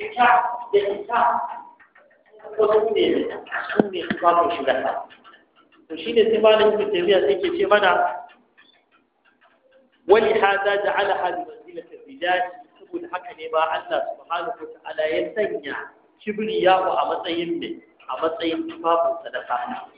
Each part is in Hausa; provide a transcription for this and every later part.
cuta da cuta wasu ne sun ne su ba shiga ta to shi ne sai malamin ibn taymiya sai ke ce mana wani hada ja'alaha bi manzilati rijali saboda haka ne ba Allah subhanahu wata'ala ya sanya kibriyahu a matsayin ne a matsayin tufafin sadaka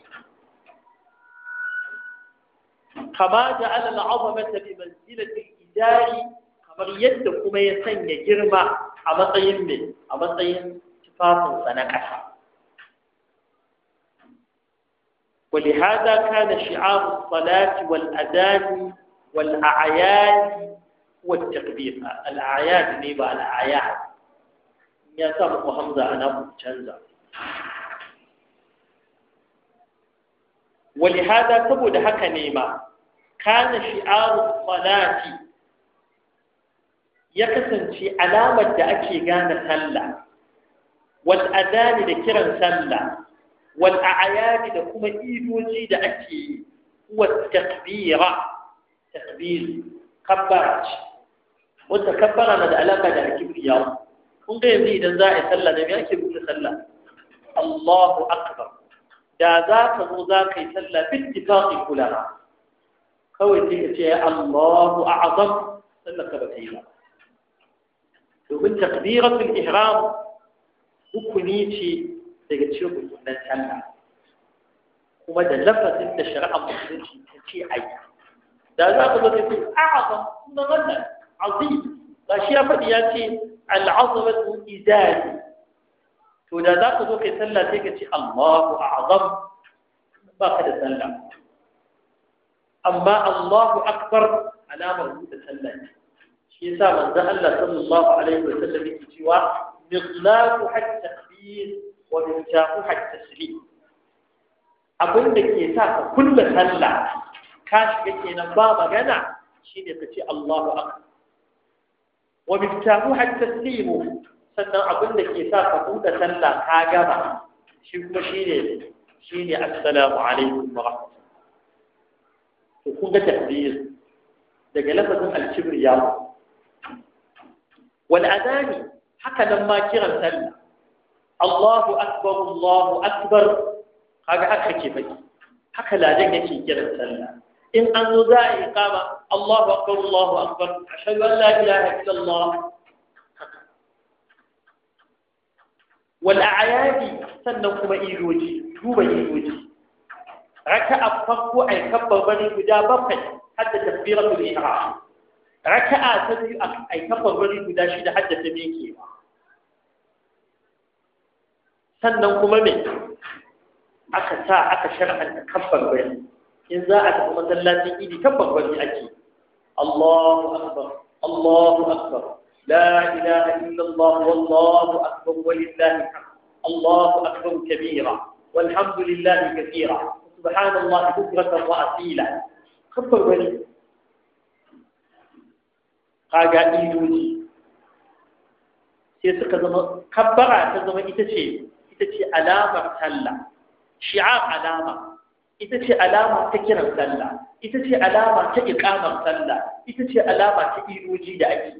kama ja'ala al'azamata bi manzilati rijali kamar yadda kuma ya sanya girma a matsayin ne a matsayin tufafinsa na ƙasa ولهذا كان شعار الصلاة والأذان والأعياد والتكبير الأعياد نيبا الأعياد يا سامو حمزة أنا تنزع ولهذا تبود هكا نيما كان شعار الصلاة ya kasance alamar da ake gane sallah wal adani da kiran sallah wal a'yadi da kuma idoji da ake yi huwa takbira takbir kabbara ce wata kabbara na da alaka da alkibriya kun ga yanzu idan za a yi sallah da me ake buɗe sallah Allahu akbar da za ka zo za ka yi sallah bil ittifaqi kulama. kawai sai ka ce Allahu a'zam sallah ka ba ta yi ba domin takbiratul ihram hukuni ce daga cikin rukunan sallah kuma da lafazin da shari'a musulunci ta ce ai da za ku zai ce a'azam sunan wannan azim ba shi ya faɗi ya ce al'azamatu izari to da za ka zo kai sallah sai ka ce Allahu a'azam ba ka da sallah amma Allahu akbar alamar buɗe sallah ne shi yasa manzo Allah sallallahu alaihi wa sallam yake cewa miqlaqu takbir wa miqlaqu taslim abin da ke sa ka kulle sallah ka shiga kenan ba magana shine ka ce Allahu akbar wa miqlaqu hatta taslim sannan abin da ke sa ka buɗe sallah ka gaba, shi kuma shine shine assalamu alaikum wa rahmatullahi to kun ga takbir daga lafazin alkibriya wal adani haka nan ma kiran sallah Allahu akbar Allahu akbar kaga ke faɗi haka ladan yake kiran sallah in an zo za a iqama Allahu akbar Allahu akbar ashhadu an la ilaha illallah wal a'yadi sannan kuma iroji duba iroji raka'a farko ay guda bakwai hadda takbiratul ihram raka'a ta biyu a aikafar wani guda shida haddata me ke ba sannan kuma me aka sa aka shar'anta kabbar wani in za a tafi masallacin idi kabbar wani ake Allahu akbar Allahu akbar la ilaha illallah wallahu akbar walillahi alhamd Allahu akbar kabira والحمد لله كثيرا سبحان الله بكرة وأصيلا خبر ولي kaga idoji sai suka zama kabbara ta zama ita ce ita ce alamar sallah shi'ar alama ita ce alama ta kiran sallah ita ce alama ta iqamar sallah ita ce alama ta idoji da ake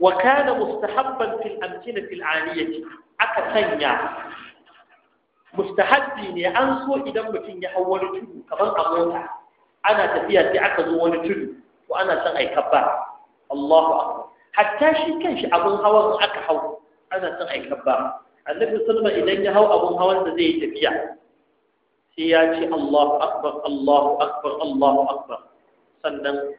wa kana mustahabban fil amtina fil aliyati aka sanya mustahabbi ne an so idan mutum ya hau wani tudu kamar a mota ana tafiya sai aka zo wani tudu ko ana son ai kabba Allahu akbar hatta shi kanshi abun hawan aka hau ana son ai kabba annabi sallama idan ya hau abun hawan da zai yi tafiya sai ya ce Allahu akbar Allahu akbar Allahu akbar sannan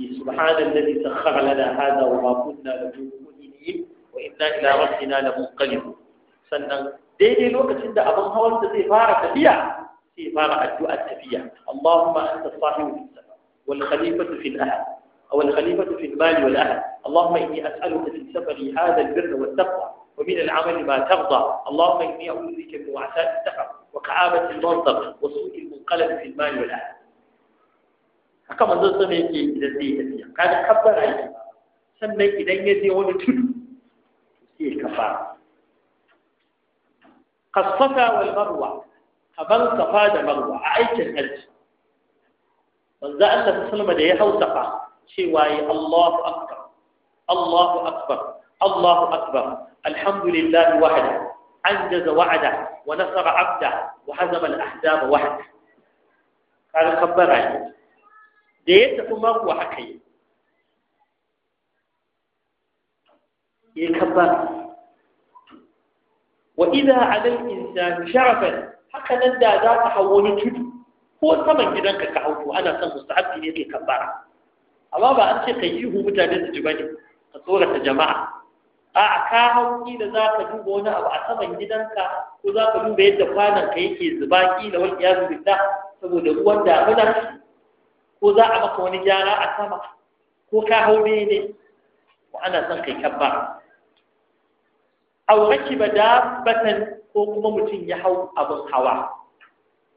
subhanallazi sakhkhara lana hadha wa ma kunna lahu muqrinin wa inna ila rabbina lamunqalibun sannan daidai lokacin da abun hawan da zai fara tafiya في فارع الدعاء التفية اللهم أنت الصاحب في السماء والخليفة في الأهل أو الخليفة في المال والأهل اللهم إني أسألك في سفري هذا البر والتقوى ومن العمل ما ترضى اللهم إني أعوذ بك من وعثاء السفر وكعابة المنطق وسوء المنقلب في المال والأهل haka manzon sama yake هذه قال tafiya kada سمي aiki sannan idan ya je wani والمروة kaman safa da marwa a aikin hajji manzo Allah sallama da ya hau safa cewa yi Allahu akbar Allahu akbar Allahu akbar alhamdulillahi wahda anjaza wa'ada wa nasara abda wa hazama al-ahzaba wahda kaga kabbara ne da ya tafi marwa haka yi ya kabbara wa idha 'ala al-insani sharafan haka nan da za ka hau wani tudu ko saman gidanka ka hau to ana son mustahabbi ne kai kabbara amma ba an ce ka yi hu mutane su ji bane ka tsorata jama'a a ka hau kila za ka duba wani abu a saman gidanka ko za ka duba yadda kwanan ka yake zuba kila wani ya zubita saboda ruwan damuna ko za a maka wani gyara a sama ko ka hau ne ne ko ana son kai kabba aw da batan ko kuma mutum ya hau abin hawa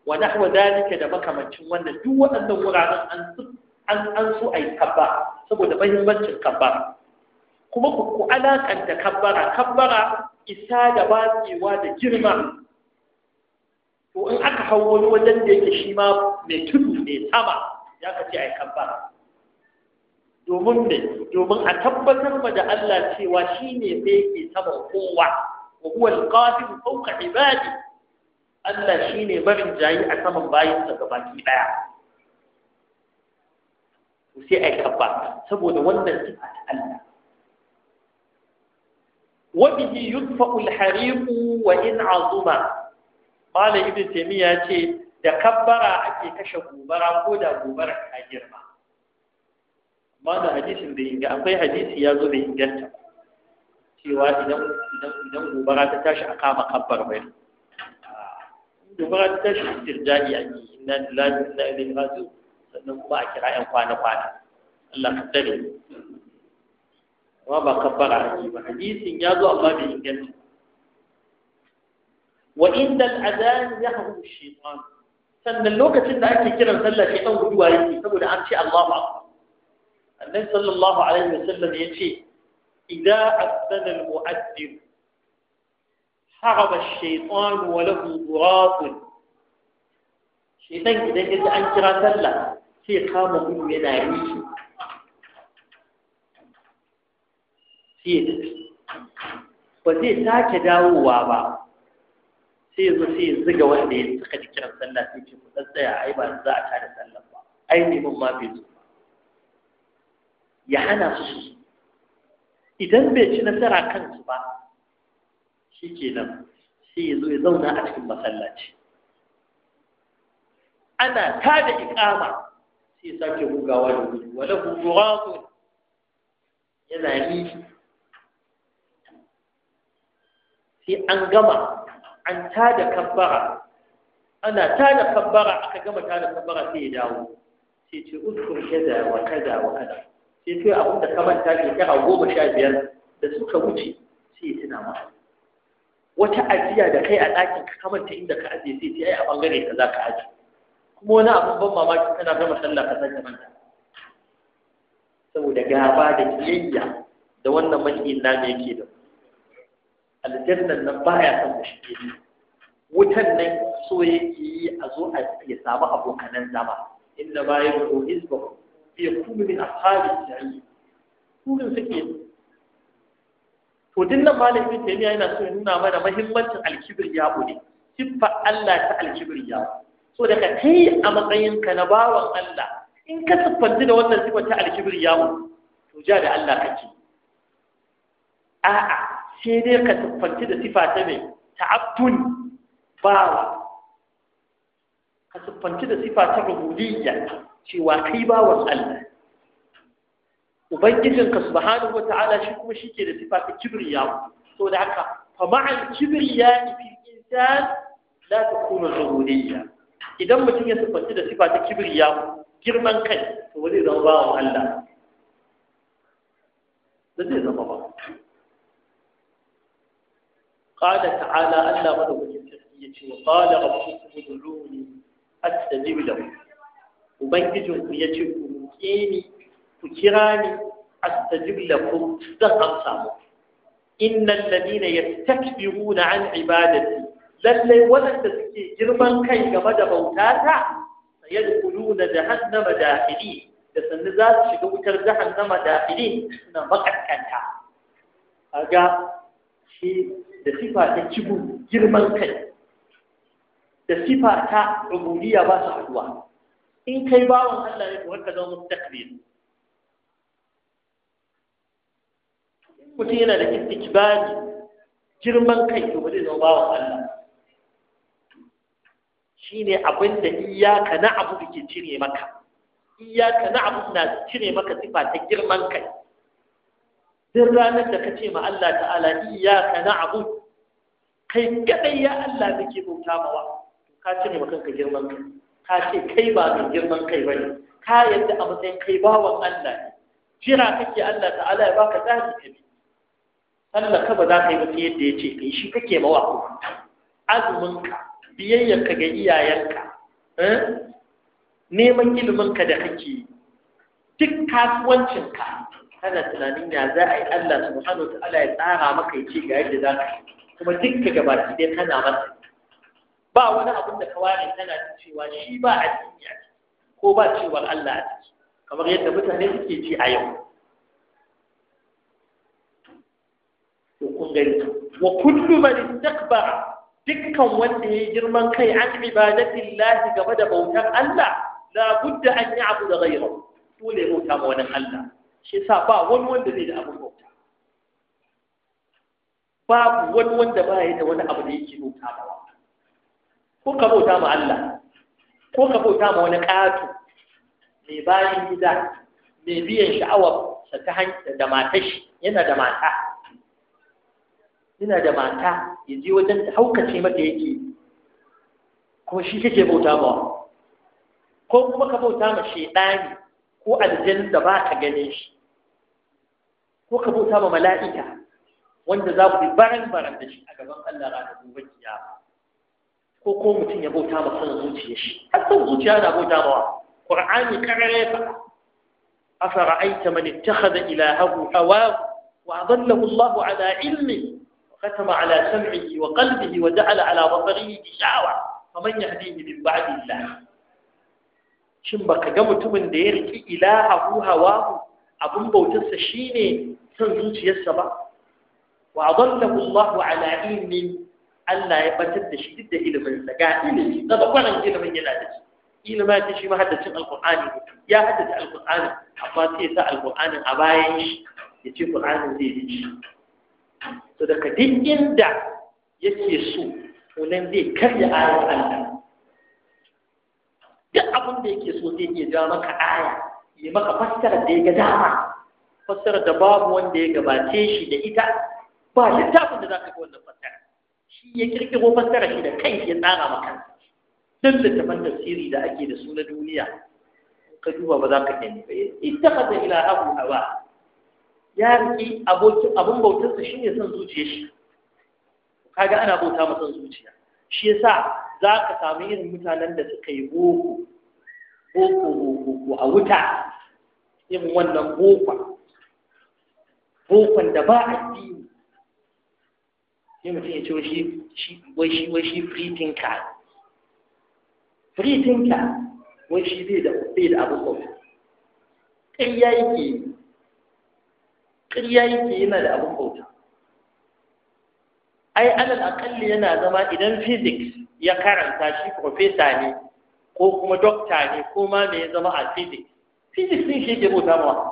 wa nahwa dalika da makamancin wannan duk waɗannan wuraren an an an su ai kabba saboda mahimmancin kabba kuma ku alakanta kabbara kabbara isa da batsewa da girma to in aka hau wani wajen da yake shi ma mai tudu mai sama ya ka ce ai domin ne domin a tabbatar ma da Allah cewa shi ne mai ke saman kowa wa huwa al-qadir fawqa ibadi Allah shine barin jayi a saman bayinsa gabaki daya sai ai kabba saboda wannan sifa ta Allah wa bihi yudfa'u wa in 'azuma malam ibn taymiya ce da kabbara ake kashe gobara ko da gobara ta girma amma hadisin akwai hadisi ya zo bai inganta cewa idan gobara ta tashi a kama kabbar bayan ah, gobara ta tashi a istirja'i a yi inna lillahi na ilaihi raji'un sannan kuma a kira yan kwana kwana Allah ka tsare amma ba kabbara ake ba hadisin ya zo amma bai inganta wa inda al'adani ya hagu shaitan sannan lokacin da ake kiran sallah shaitan guduwa yake saboda an ce Allahu akbar annabi sallallahu alaihi wa sallam ya ce إذا أذن المؤذن harba الشيطان وله ضراط shaitan idan ya an kira sallah sai kama gudu yana yi sai ba dawowa ba sai ya zo sai ya ziga wanda ya saka ji kiran sallah sai ce kuɗin tsaya ai ba za a tare sallah ba ai neman ma bai zo ya hana su su idan bai ci nasara kansu ba shi ke nan sai ya zo ya zauna a cikin masallaci ana ta da ikama sai ya sake bugawa da gudu wala gudu yana nishi sai an gama an ta da kabbara ana ta da kabbara aka gama ta da kabbara sai ya dawo sai ce uskur kada wa kada wa kada sai kai abin da ka manta shekara goma sha biyar da suka wuce sai ya tuna ma wata ajiya da kai a ɗakin ka kamanta inda ka ajiye sai ta yi a bangare ka za ka aji kuma wani abin ban mamaki kana gama sallah ka sake manta saboda gaba da kiyayya da wannan maniyin namu yake da aljannan nan baya son mu shige ni wutan nan so yake yi a zo a ya samu abokanan zama inda bayan ko hizbahu yakunu min ashabi jahil kurin suke to din nan malam ibn taymiya yana so ya nuna mana muhimmancin ya ne siffa Allah ta alkibriya so daga kai a matsayin ka na bawan Allah in ka siffanci da wannan siffar ta alkibriya to ja da Allah kake a'a sai dai ka siffanci da siffa ta mai ta'abbun bawa ka siffanci da siffa ta rububiyya cewa kai bawan Allah ubangijinka subhanahu wata'ala shi kuma shike da sifa ta kibriya so da haka fa ma'al kibriya fi insan la takunu zuhuriyya idan mutum ya sifanci da sifa ta kibriya girman kai to wani zama bawan Allah da zai zama ba قال تعالى ألا مدوك التركية وقال ربكم ادعوني أستجب لكم ubangijinku ya ce ku roƙe ni ku kira ni astajib lakum zan amsa muku innal ladina yastakbiruna an ibadati lalle waɗanda suke girman kai game da bautata sayadkhuluna jahannama dakhili da sannu za su shiga wutar jahannama dakhili suna makaskanta kaga shi da sifa ta kibur girman kai da sifa ta ubudiyya ba su haduwa in kai bawan Allah ne kuwa ka zama mustaqbil mutum yana da istikbari girman kai to bai zama bawan Allah shine abin da iyaka na abu da ke cire maka iyaka na abu na cire maka sifa ta girman kai duk ranar da ka ce ma Allah ta'ala iyaka na abu kai kadai ya Allah nake bauta mawa ka cire maka kanka girman kai ka ce kai ba mai girman kai ba ne ka yadda a matsayin kai bawan Allah ne jira kake Allah ta'ala ya baka tsari ka bi Allah ka ba za ka yi mutu yadda ya ce yi, shi kake ka, azuminka ka ga iyayenka eh? neman ka da kake duk kasuwancinka kana tunanin ya za a yi Allah subhanahu wa ta'ala ya tsara maka ya ce ga yadda za ka kuma dukka gabata dai kana masa ba wani abin da ka ware tana cewa shi ba addini a ciki ko ba cewar Allah a ciki kamar yadda mutane suke ci a yau to kun gani wa kullu man istakbara dukkan wanda ya girman kai an ibadatin lahi game da bautar Allah la budda an yi abu da gairo dole bauta ma wani Allah shi sa ba wani wanda zai da abin bauta babu wani wanda ba ya da wani abu da yake bauta ba ko ka bauta ma Allah ko ka bauta ma wani ƙato mai bayan gida mai biyan sha'awar sa ta hanyar da matar shi yana da mata yana da mata ya je wajen ta haukace mata yake Ko shi kake bauta ma ko kuma ka bauta ma shaidani ko aljanna da ba ka ganin shi ko ka bauta ma mala'ika wanda za ku yi baran baran da shi a gaban Allah ranar gobe ba. ko ko mutum ya bauta ma son zuciya shi har son zuciya na bauta ma qur'ani karare fa man ittakhadha ilahahu wa adallahu allah ala ilmi ختم على سمعه وقلبه وجعل على بصره غشاوة فمن يهديه من بعد الله shin baka ga mutumin da ya riki ilahu hawahu abun bautarsa shine son zuciyarsa ba wa adallahu ala Allah ya batar da shi duk da ilimin sa ga ilimi da bakwaran ilimin yana da shi ilima ta shi mahaddacin alqur'ani ya haddace alqur'ani amma sai sa alqur'ani a bayan shi ya ce qur'ani zai yi shi to daga duk inda yake so to nan zai karya ayar Allah duk abin da yake so zai iya jawo maka aya ya maka fassara da ya ga dama fassara da babu wanda ya gabace shi da ita ba littafin da za ka ga wannan fassara shi ya kirkiro fassara shi da kai ya tsara maka duk littafan tafsiri da ake da su na duniya ka duba ba za ka gani ba abu a ba. ya riki abin abun bautar ne son zuciya shi kaga ana bauta masa zuciya shi ya sa za ka samu irin mutanen da suka yi boko boko boko a wuta yin wannan bokon bokon da ba a yi. sai mutum ya ce shi shi wai shi wai shi free thinker free thinker wai shi bai da bai da abu ko ƙarya yake ƙarya yake yana da abun bauta ai alal aƙalli yana zama idan physics ya karanta shi profesa ne ko kuma dokta ne ko ma me ya zama a physics physics din shi ke bauta ma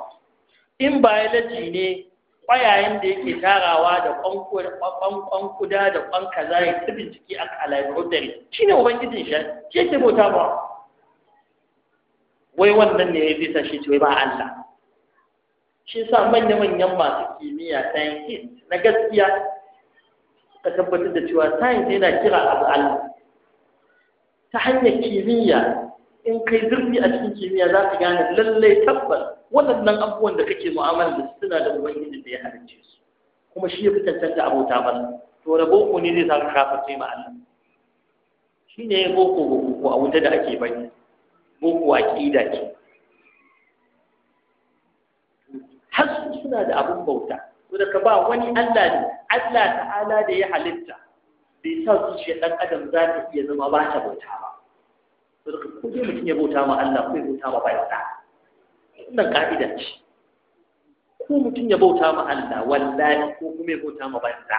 in biology ne ƙwayayen da yake tarawa da ƙwan kuda da ƙwan kaza ya ta bincike a alaikotari shi ne ubangijin shi shi ce bauta ba wai wannan ne ya fi sa shi ce ba Allah shi sa manya-manyan masu kimiyya scientist na gaskiya ka tabbatar da cewa science yana kira abu Allah ta hanyar kimiyya in kai zurfi a cikin kimiyya za ka gane lallai tabbas waɗannan abubuwan da kake mu'amala da suna da ubangiji da ya halarci su kuma shi ya fi cancanta abota ba to da boko ne zai saka sai ma Allah shi ne boko boko a wuta da ake bari boko a ƙida ce har suna da abun bauta to ka ba wani Allah ne Allah ta'ala da ya halitta bai sa zuciyar ɗan adam za ta iya zama ba ta bauta ba to ko dai mutum ya bauta ma Allah ko ya bauta ma bayyana. wannan ka'ida ce ko mutum ya bauta ma Allah wallahi ko kuma ya bauta ma bayyana. sa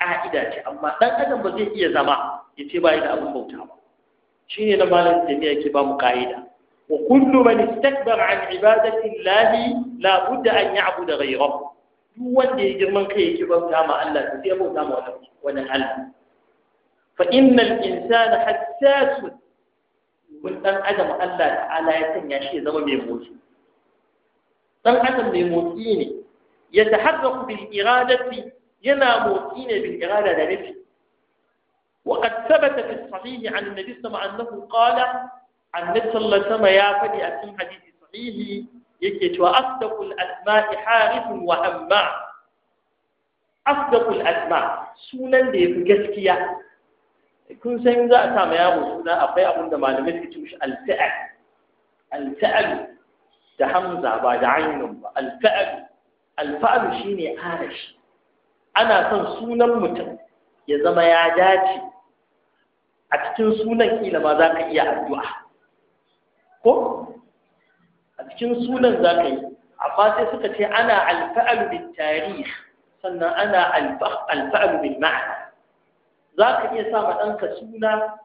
ka'ida ce amma dan adam ba zai iya zama ya ce bai da abin bauta ba shine na malam jami'a yake ba mu ka'ida wa kullu man istakbara an ibadati Allah la budda an ya'budu ghayrahu duk wanda ya girman kai yake bauta ma Allah to sai bauta ma wannan wannan Allah fa innal insana hassasun kun dan adam Allah ta'ala ya sanya shi zama mai motsi dan adam mai motsi ne ya taharraku bil iradati yana motsi ne bil irada da nafi wa qad thabata fi sahihi an nabi sallallahu alaihi qala an nabi sallallahu alaihi ya faɗi a cikin hadisi sahihi yake cewa asdaqul asma'i harifun wa hamma asdaqul asma' sunan da yafi gaskiya kun san za a sa ma yaro suna akwai abin da malamai suke ce alfa'al alfa'al da hamza ba da ainun ba alfa'al alfa'al ne arashi ana son sunan mutum ya zama ya dace a cikin sunan kila ma za ka iya addu'a ko a cikin sunan za ka yi amma sai suka ce ana alfa'al bil tarihi, sannan ana alfa'al bil ma'ana za ka iya sa ma ɗanka suna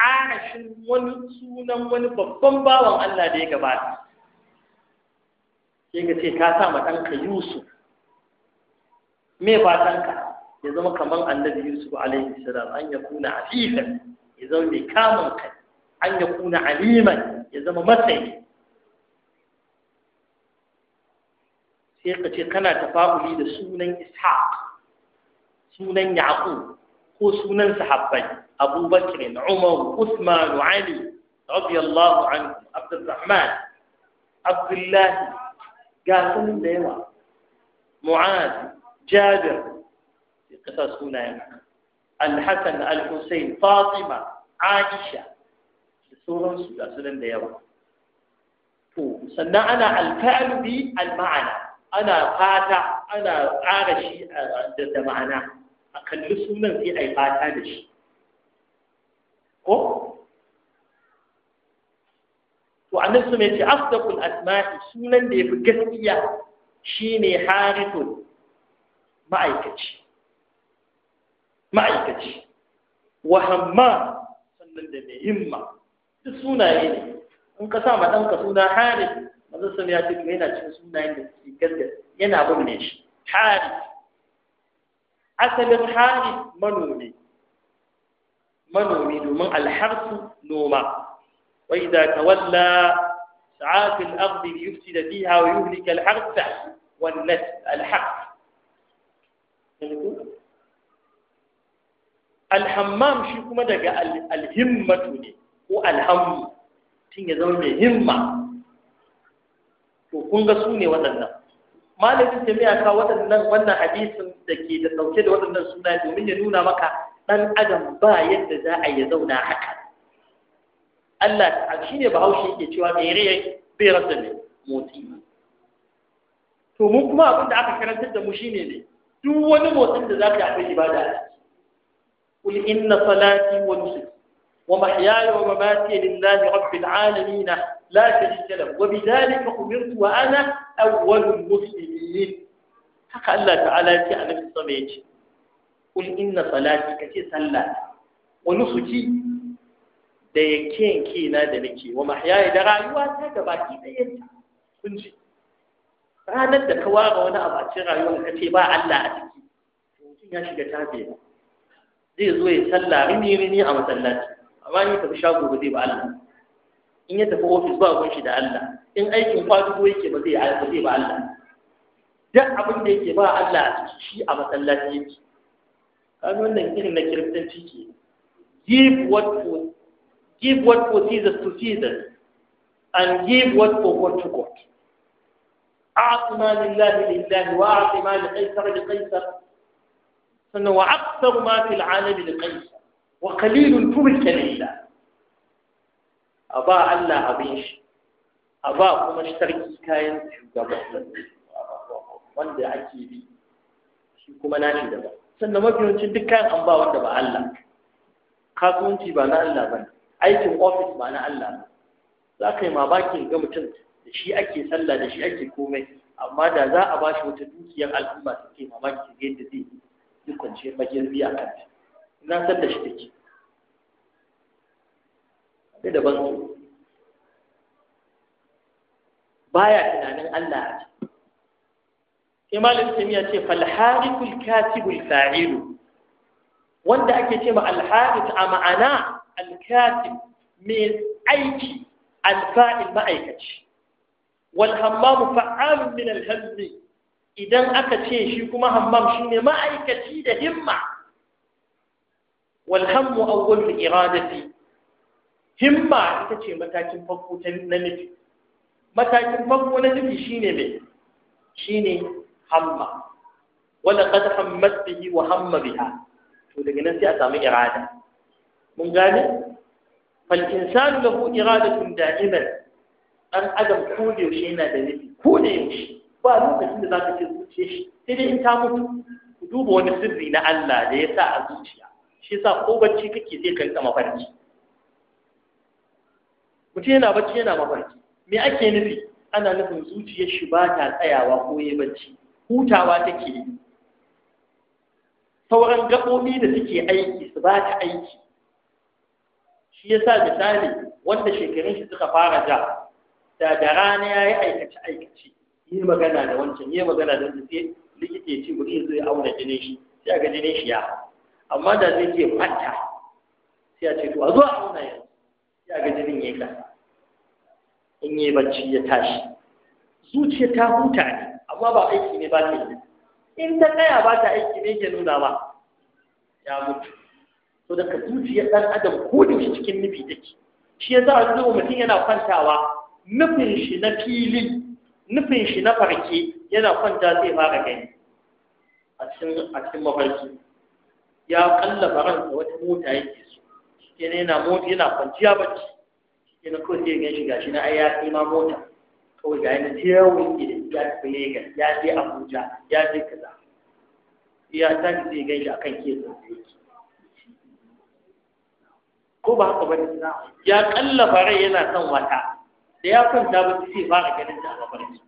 arashin wani sunan wani babban bawan Allah da ya gabata sai ka ce ka sa ma ɗanka Yusuf me ɗanka ya zama kamar annabi Yusuf alaihi salam an ya kuna afifan ya zama mai kamun kai an ya kuna aliman ya zama matsayi sai ka ce kana tafa'uli da sunan Ishaq sunan Yaqub خصونا سحبي أبو بكر عمر عثمان علي رضي الله عنهم عبد الرحمن عبد الله قاسم ديوا معاذ جابر قصص هنا يعني. الحسن الحسين فاطمة عائشة سورة سورة سورة ديوا سنة أنا الفعل بالمعنى أنا فاتح أنا عارشي عند معناه a kalli sunan sai a yi fata da shi ko to annabi mai ce asdaqul asma'i sunan da ya fi gaskiya shine harithu ma'aikaci ma'aikaci wa hamma sannan da mai himma duk sunaye ne in ka sa ma ɗanka suna harith manzo sun ya ce yana cikin sunayen da suke gaskiya yana bin ne shi harith asalin haris manomi manomi domin alharsu noma wa idza tawalla sa'a da ardi yufsida fiha wa yuhlika al-harsa wan nas al-harth alhammam shi kuma daga alhimmatu ne ko alhammu tun ya zama mai himma to kun ga su ne waɗannan malamin jami'a ka waɗannan wannan hadisin da ke da ɗauke da waɗannan suna domin ya nuna maka ɗan adam ba yadda za a ya zauna haka Allah ta shi ne bahaushe yake cewa mai rai bai rasa ne motsi to mu kuma abin da aka karantar da mu shi ne duk wani motsin da za ka yi akwai ibada a ciki قل إن wa ونسكي ومحياي ومماتي لله لا شريك له وبذلك أمرت وأنا أول المسلمين حق الله تعالى في أنا في قل إن صلاتي كتير صلاة ونسكي da yanke kina da nake wa mahyayi da rayuwa ta gaba ki ɗayan kun ji ranar da ka ware wani abu a cikin rayuwar ka ce ba Allah a ciki mutum ya shiga tafe zai zo ya sallah rini rini a masallaci amma ni tafi shago ba zai ba Allah in ya tafi ofis ba gunshi da Allah in aikin kwadugo yake ba zai ba zai ba Allah duk abin da yake ba Allah a ciki shi a masallaci yake kan wannan irin na kiristanci ke give what for give what for Caesar to Caesar and give what for God to God أعط ما لله لله وأعط ما لقيصر لقيصر وأكثر ما في العالم لقيصر وقليل ترك لله a ba Allah abin shi a ba kuma sarki kayan shugaba wanda ake bi shi kuma na shi daban sannan mafiyancin duk kayan an ba wanda ba Allah kasuwanci ba na Allah ba aikin ofis ba na Allah ba za ka yi mamakin ga mutum da shi ake sallah da shi ake komai amma da za a ba shi wata dukiyar al'umma su ke mamaki ga yadda zai yi kwanciyar magirbi a kanta na san da shi take sai da baya tunanin Allah a ciki sai malam tamiya ce falharikul katibul fa'ilu wanda ake ce ma alharik a ma'ana alkatib mai aiki alfa'il ma'aikaci wal hammamu fa'alun min alhammi idan aka ce shi kuma hammam shine ma'aikaci da himma wal hammu awwalul iradati himma ita ce matakin farko ta namiji matakin farko na nufi shine mai shine hamma wanda qad hammat bihi wa hamma biha to daga nan sai a samu irada mun gane fal insanu lahu iradatun da'iman an adam ko da yaushe yana da nufi ko da yaushe ba lokacin da zaka ce zuciya shi sai dai in ta mutu ku duba wani sirri na Allah da ya sa a zuciya shi sa ko bacci kake sai ka rika mafarki mutum yana bacci yana mafarki me ake nufi ana nufin zuciyar shi ba ta tsayawa ko ya bacci hutawa take yi sauran gaɓoɓi da suke aiki su ba ta aiki shi yasa misali wanda shekarun shi suka fara ja da da rana ya yi aikace aikace yi magana da wancan yi magana da wancan sai likita ya ce mutum ya auna jinin shi sai a ga jinin shi ya amma da zai ke fata sai a ce to a zo a auna yanzu sai a ga jinin ya yi kasa in yi bacci ya tashi zuciya ta huta ne amma ba aiki ne ba ta yi in ta tsaya ba ta aiki ne ke nuna ba ya mutu to daga zuciya ɗan adam ko da cikin nufi take shi ya za a zuwa mutum yana kwantawa nufin shi na fili nufin shi na farke yana kwanta zai fara gani a cikin mafarki ya kalla faransa wata mota yake so yana mota yana kwanciya bacci sai na kawai sai gan shi gashi na ai ya mota kawai ga yana tiyawun gidan ya tafi Legas ya je Abuja ya je kaza ya tafi sai gan shi akan kesin da yake ko ba haka bane ya kallafa rai yana son wata da ya kwanta ba sai fara ganin ta a mafarki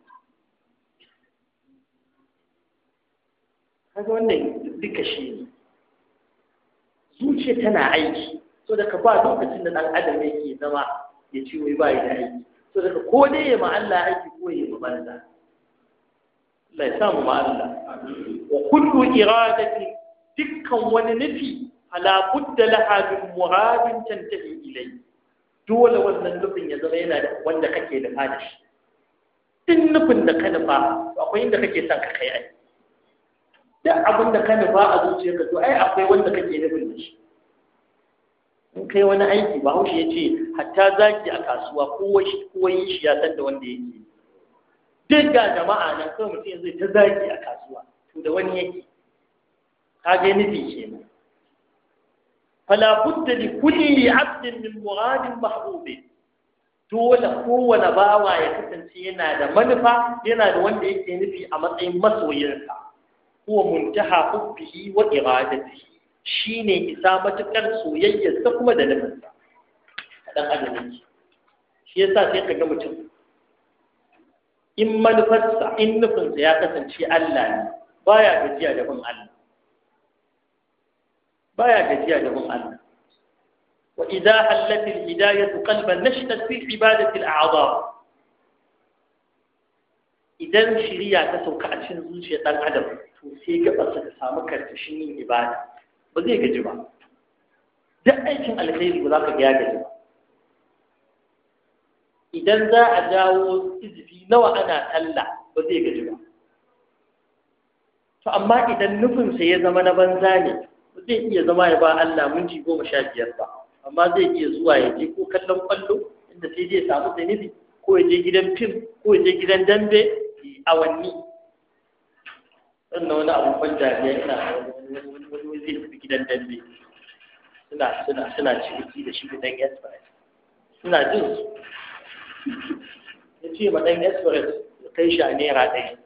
kaga wannan duka shi ne zuciya tana aiki so da ka ba lokacin da ɗan adam yake zama ya ce wai bai da aiki to daga ko dai ya ma aiki ko ya ma banza Allah ya samu ma Allah wa kullu iradati dukkan wani nufi ala budda laha min muradin tantahi ilai dole wannan nufin ya zama yana da wanda kake da fada shi duk nufin da ka nufa akwai inda kake son ka kai ai duk abin da ka nufa a zuciyarka to ai akwai wanda kake nufin da shi in kai wani aiki ba haushi ya ce hatta za ki a kasuwa kowa yi shi ya san da wanda yake duk ga jama'a na kawai mutum zai ta za ki a kasuwa to da wani yake ga nufi kenan fala budda li kulli 'abdin min muradin mahbubin dole kowane bawa ya kasance yana da manufa yana da wanda yake nufi a matsayin masoyinsa huwa muntaha hubbihi wa iradatihi shi ne isa matuƙar soyayya ta kuma da nufinsa a ɗan adam shi ya sa sai ka ga mutum in manufarsa in nufinsa ya kasance Allah ne baya gajiya da bin Allah baya gajiya da bin Allah wa idza hallatil na qalban nashtat fi a al'adha idan shiriya ta sauka a cikin zuciyar ɗan adam to sai gaba ka samu karkashin yin ibada ba zai gaji ba duk aikin alkhairi ba za ka ga gaji ba idan za a jawo izifi nawa ana talla ba zai gaji ba to amma idan nufinsa ya zama na banza ne ba zai iya zama ya ba Allah minti goma sha biyar ba amma zai iya zuwa ya je ko kallon kwallo inda sai zai samu zanibi ko ya je gidan fim ko ya je gidan dambe awanni sannan wani abubuwan jami'ai na wani gidan dambe suna suna suna ciniki da shi da ɗan express suna jin su ya ce ma ɗan express ya kai shi a naira ɗaya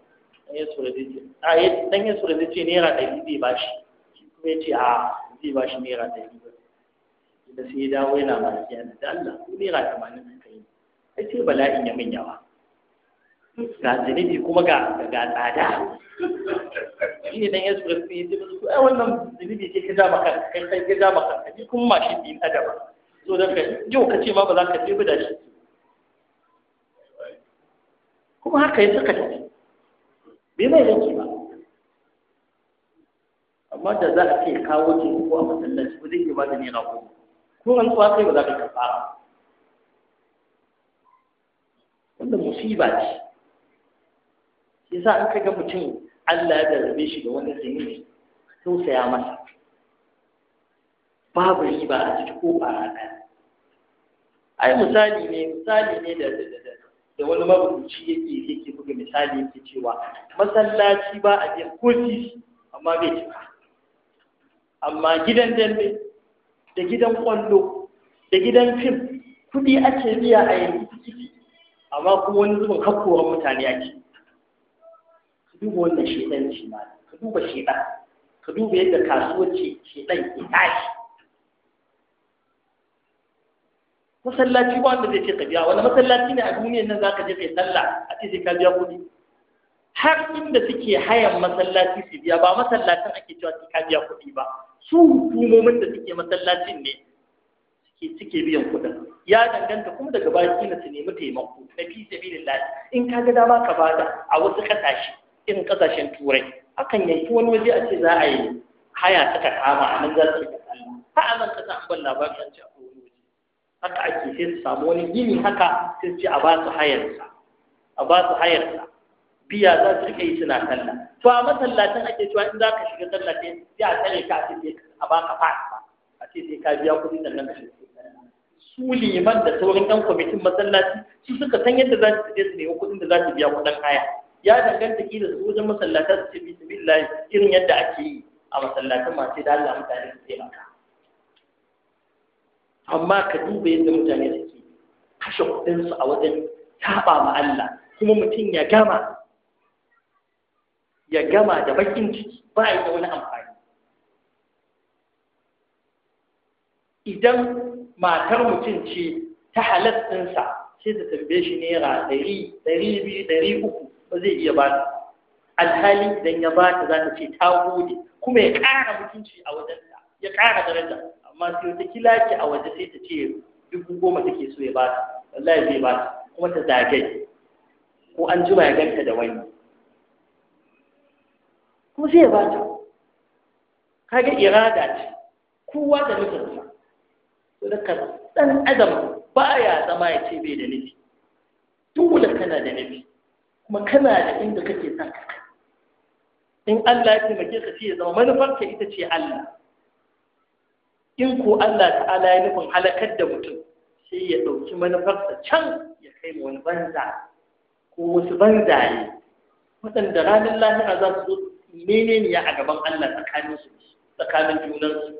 ɗan express ya ce a ɗan express ya ce naira ɗaya zai ba shi kuma ya ce a zai ba shi naira ɗari ba da sai ya dawo yana ma da Allah ko naira tamanin kai yi ai ce bala'in ya min yawa ga zunubi kuma ga ga tsada shi ne dan yesu kristi ya ce musu ai wannan zunubi ke ka ja kan kai kai ka ja kan ni kuma ma shi din adaba so dan kai yau ka ce ma ba za ka ce da shi kuma haka ya saka tafi bai mai yanki ba amma da za a ce kawo ce ko a masallaci ba zai iya ba da naira goma ko an tsuwa kai ba za ka karɓa ba wannan musiba ce yasa in kaga mutum Allah ya garbe shi da wani zunubi tausaya masa babu riba a ciki ko a ɗaya ai misali ne misali ne da da wani mabuci yake yake buga misali yake cewa masallaci ba a je ko amma bai cika amma gidan dambe da gidan kwallo da gidan fim kuɗi ake biya a yanzu ciki amma kuma wani zubin hakkoran mutane ake duba wannan shedan shi ma ka duba shedan ka duba yadda kasuwanci shedan ke tashi masallaci ba wanda zai ce ka biya wani masallaci ne a duniyar nan zaka je kai sallah a ce sai ka biya kuɗi har inda suke hayan masallaci su biya ba masallacin ake cewa sai ka biya kuɗi ba su hukumomin da suke masallacin ne suke biyan kuɗin ya danganta kuma daga baki na su nemi taimako na fi sabilillah in ka ga dama ka bada a wasu ƙasashe irin kasashen turai akan yanki wani waje a ce za a yi haya ta kama a nan za su yi Allah har a nan kasa an balla labarin an ce a wani waje haka ake sai su samu wani gini haka sai ce a ba su hayarsa a ba su hayarsa biya za su rika yi suna sallah to a masallacin ake cewa in za ka shiga sallah sai sai a tsare ka a ce a ba ka fasa a ce sai ka biya kuɗi sannan ka shiga su liman da sauran ɗan kwamitin masallaci su suka san yadda za su je su nemi kuɗin da za su biya kuɗin haya ya danganta kila su wajen masallata su ce bismillah irin yadda ake yi a masallatan masu da Allah mutane su taimaka amma ka duba yadda mutane suke kashe su a wajen taɓa ma Allah kuma mutum ya gama ya gama da bakin ciki ba ya da wani amfani idan matar mutum ce ta halattinsa sai ta tambaye shi naira ɗari ɗari biyu ɗari uku ba zai iya ba alhali idan ya ba ta za ta ce ta gode kuma ya ƙara mutunci a wajen ta ya ƙara daraja amma sai wata ki a waje sai ta ce dubu goma take so ya ba ta wallahi zai ba ta kuma ta zagaye ko an jima ya ganta da wani kuma sai ya ba ta kaga irada ce kowa da nufinsa to da Ɗan dan adam ya zama ya ce bai da nufi dole kana da nufi kuma kana da inda kake sa in Allah ya taimake ka shi ya zama manufarka ita ce Allah in ko Allah ta'ala ya nufin halakar da mutum sai ya ɗauki manufarsa can ya kai wani banza ko wasu banzaye waɗanda ranar lahira za su zo menene ya a gaban Allah tsakanin su junansu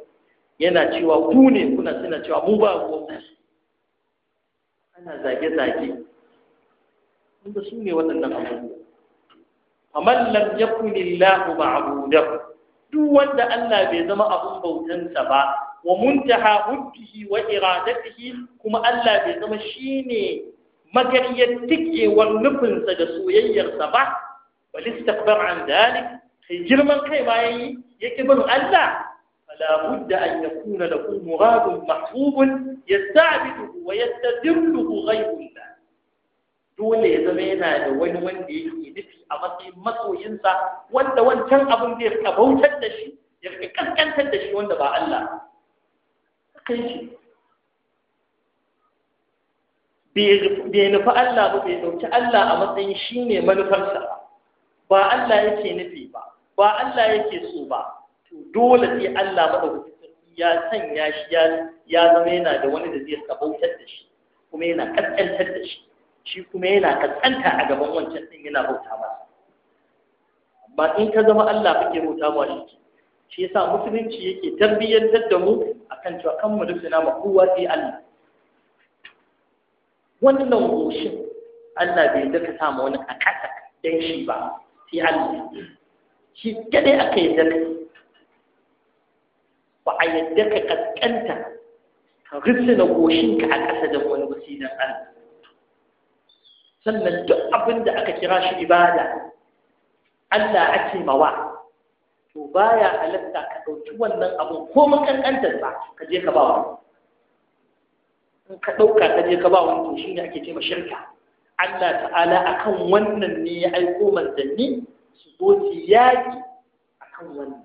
yana cewa ku ne kuna suna cewa mu ba ku ana zage-zage Kuma su ne waɗannan abubuwa faman lam yakun illahu ma'budahu duk wanda Allah bai zama abun bautansa ba wa muntaha hujjihi wa iradatihi kuma Allah bai zama shine magariyar tikewar nufinsa da soyayyarsa ba bal istakbar an dalik kai girman kai ma yayi yake bin Allah فلا بد أن يكون له مراد محبوب يستعبده ويستدله غير الله dole ya zama yana da wani wanda yake nufi a matsayin matsoyinsa wanda wancan abin zai rika bautar da shi ya rika kaskantar da shi wanda ba Allah kai shi bai nufi Allah ba bai dauki Allah a matsayin shi ne manufarsa ba Allah yake nufi ba ba Allah yake so ba to dole sai Allah maɗaukaki ya sanya shi ya zama yana da wani da zai kabautar da shi kuma yana kaskantar da shi shi kuma yana kaskanta a gaban wancan ɗin yana bauta ba, amma in ka zama Allah kake bauta ma shi shi yasa musulunci yake tarbiyyantar da mu akan cewa kan mu rufe nama kowa sai Allah wannan goshi Allah bai daka sa wani a kasa dan shi ba sai Allah shi kadai aka yi daka ba a yadda ka kaskanta ka rufe na goshinka a ƙasa da wani wasi dan Allah sannan duk abin da aka kira shi ibada Allah ake mawa to baya halatta ka ɗauki wannan abin ko mun kankantar sa ka je ka ba wani in ka ɗauka ka je ka ba wani to shine ake cewa shirka Allah ta'ala akan wannan ne ya aiko manzanni su zo su yaƙi akan wannan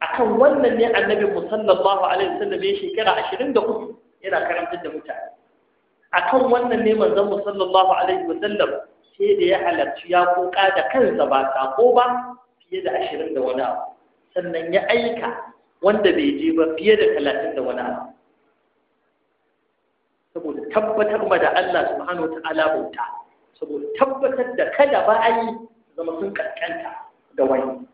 akan wannan ne annabi musallallahu alaihi wasallam ya shekara 23 yana karantar da mutane akan wannan ne manzon mu sallallahu alaihi wa sallam sai da ya halarci ya kuka da kansa ba sako ba fiye da ashirin da wani abu sannan ya aika wanda bai je ba fiye da talatin da wani abu saboda tabbatar ma da Allah subhanahu wa ta'ala bauta saboda tabbatar da kada ba a yi zama sun kankanta da wani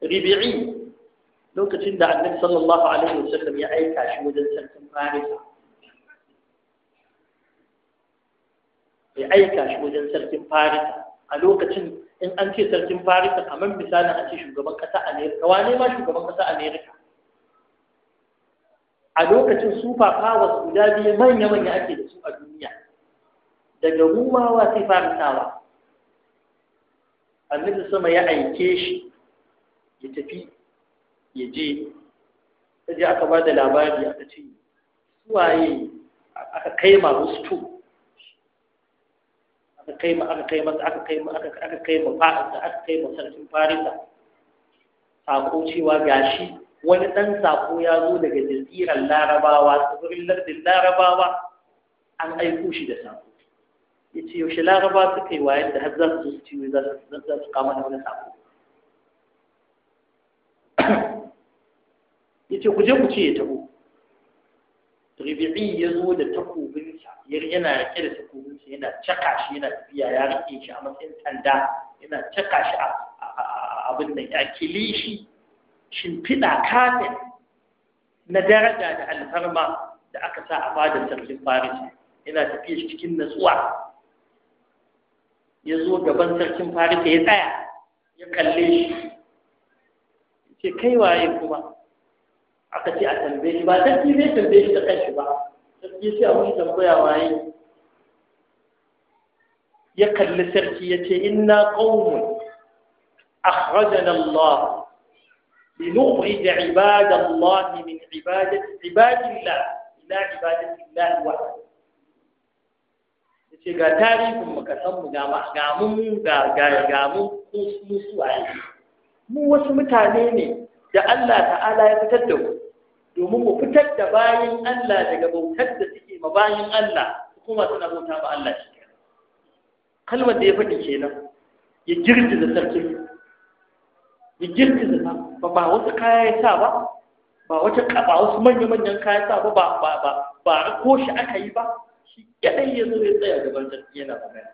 ribi'i لوكتين دا عدنك صلى الله عليه وسلم يا أي كاش مدن سلكم فارسة يا أي كاش مدن سلكم فارسة لوكتين إن أنت سلكم فارسة كمان مثالا أنت شو قبان كتا أميركا واني ما شو قبان كتا أميركا a lokacin super powers guda biyu manya-manya ake da su a duniya daga rumawa sai farisawa annabi sama ya aike ya je ta aka ba da labari aka ce suwaye aka kai ma wasu to aka kai ma aka kai ma aka kai ma aka kai ma aka kai ma sarkin farisa sako cewa gashi wani ɗan sako ya zo daga jazirar larabawa tsibirin lardin larabawa an aiko shi da sako ya ce yaushe laraba suka yi wayan da har za su zo su ciwo za su kama da wani sako Yace ya ce ku ku ce ya taho ribi'i ya zo da takobinsa yana rike da takobinsa yana caka shi yana tafiya ya rike shi a matsayin sanda yana caka shi a abin da ya kilishi shimfiɗa kafin na daraja da alfarma da aka sa a fadar sarkin faris yana tafiya shi cikin natsuwa ya zo gaban sarkin faris ya tsaya ya kalle shi ce kai waye kuma aka ce a tambaye shi ba sarki zai tambaye shi da kanshi ba sarki sai a wani tambaya waye ya kalli sarki ya ce inna qaumun akhrajana Allah لنخرج عباد الله من عبادة عباد الله إلى عبادة الله وحده ce ga tarihin mu ka san mu ga mu ga ga mu mu wasu mutane ne da Allah ta'ala ya fitar da mu domin mu fitar da bayan Allah daga bautar da suke ma bayan Allah kuma suna bauta ba Allah shi kalmar da ya faɗi kenan ya girgiza sarki ya girgiza ta ba ba wasu kaya ya sa ba ba wata ba wasu manya-manyan kaya sa ba ba ba ba ba ko shi aka yi ba shi kaɗai ya zo ya tsaya gaban sarki yana magana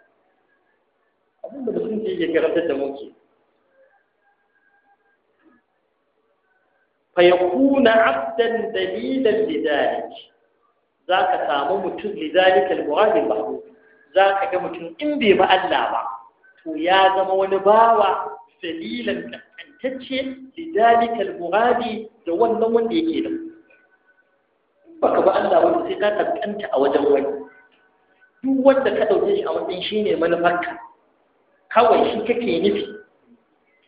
abin da mutum ke ya karantar da mu kenan فيكون عبدا دليلا لذلك ذاك سامو متن لذلك المراد المحبوب ذاك ga mutum in bai ba Allah ba to ya zama wani bawa dalilan kantacce lidalika da wannan wanda yake da baka ba Allah wanda sai ka tantance a wajen wani duk wanda ka dauke shi a matsayin shine manufarka kawai shi kake nufi